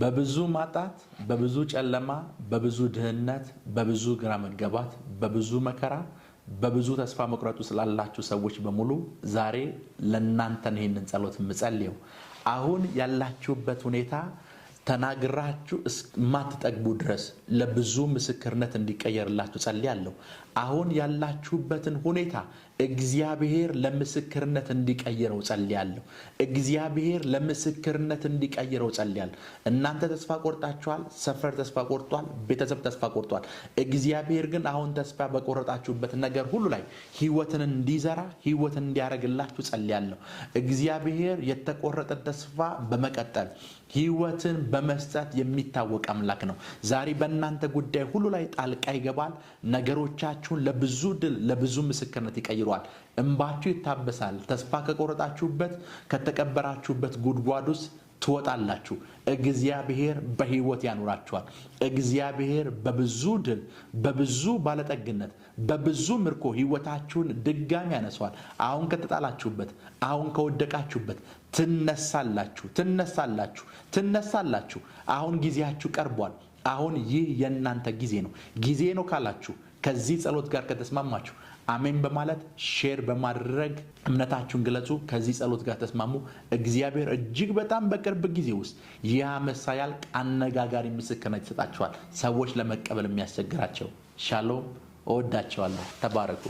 በብዙ ማጣት፣ በብዙ ጨለማ፣ በብዙ ድህነት፣ በብዙ ግራ መገባት፣ በብዙ መከራ፣ በብዙ ተስፋ መቁረጡ ስላላችሁ ሰዎች በሙሉ ዛሬ ለእናንተ ነው ይህንን ጸሎት የምጸልየው። አሁን ያላችሁበት ሁኔታ ተናግራችሁ ማትጠግቡ ድረስ ለብዙ ምስክርነት እንዲቀየርላችሁ ጸልያለሁ። አሁን ያላችሁበትን ሁኔታ እግዚአብሔር ለምስክርነት እንዲቀይረው ጸልያለሁ። እግዚአብሔር ለምስክርነት እንዲቀይረው ጸልያለሁ። እናንተ ተስፋ ቆርጣችኋል። ሰፈር ተስፋ ቆርጧል። ቤተሰብ ተስፋ ቆርጧል። እግዚአብሔር ግን አሁን ተስፋ በቆረጣችሁበት ነገር ሁሉ ላይ ሕይወትን እንዲዘራ ሕይወትን እንዲያደርግላችሁ ጸልያለሁ። እግዚአብሔር የተቆረጠ ተስፋ በመቀጠል ሕይወትን በመስጠት የሚታወቅ አምላክ ነው። ዛሬ በእናንተ ጉዳይ ሁሉ ላይ ጣልቃ ይገባል። ነገሮቻችሁን ለብዙ ድል፣ ለብዙ ምስክርነት ይቀይረዋል። እንባችሁ ይታበሳል። ተስፋ ከቆረጣችሁበት ከተቀበራችሁበት ጉድጓድ ውስጥ ትወጣላችሁ። እግዚአብሔር በህይወት ያኖራችኋል። እግዚአብሔር በብዙ ድል፣ በብዙ ባለጠግነት፣ በብዙ ምርኮ ህይወታችሁን ድጋሚ ያነሰዋል። አሁን ከተጣላችሁበት፣ አሁን ከወደቃችሁበት ትነሳላችሁ፣ ትነሳላችሁ፣ ትነሳላችሁ። አሁን ጊዜያችሁ ቀርቧል። አሁን ይህ የእናንተ ጊዜ ነው። ጊዜ ነው ካላችሁ ከዚህ ጸሎት ጋር ከተስማማችሁ አሜን በማለት ሼር በማድረግ እምነታችሁን ግለጹ። ከዚህ ጸሎት ጋር ተስማሙ። እግዚአብሔር እጅግ በጣም በቅርብ ጊዜ ውስጥ ይህ ዓመት ሳያልቅ አነጋጋሪ ምስክርነት ይሰጣችኋል፣ ሰዎች ለመቀበል የሚያስቸግራቸው። ሻሎም። እወዳቸዋለሁ። ተባረኩ።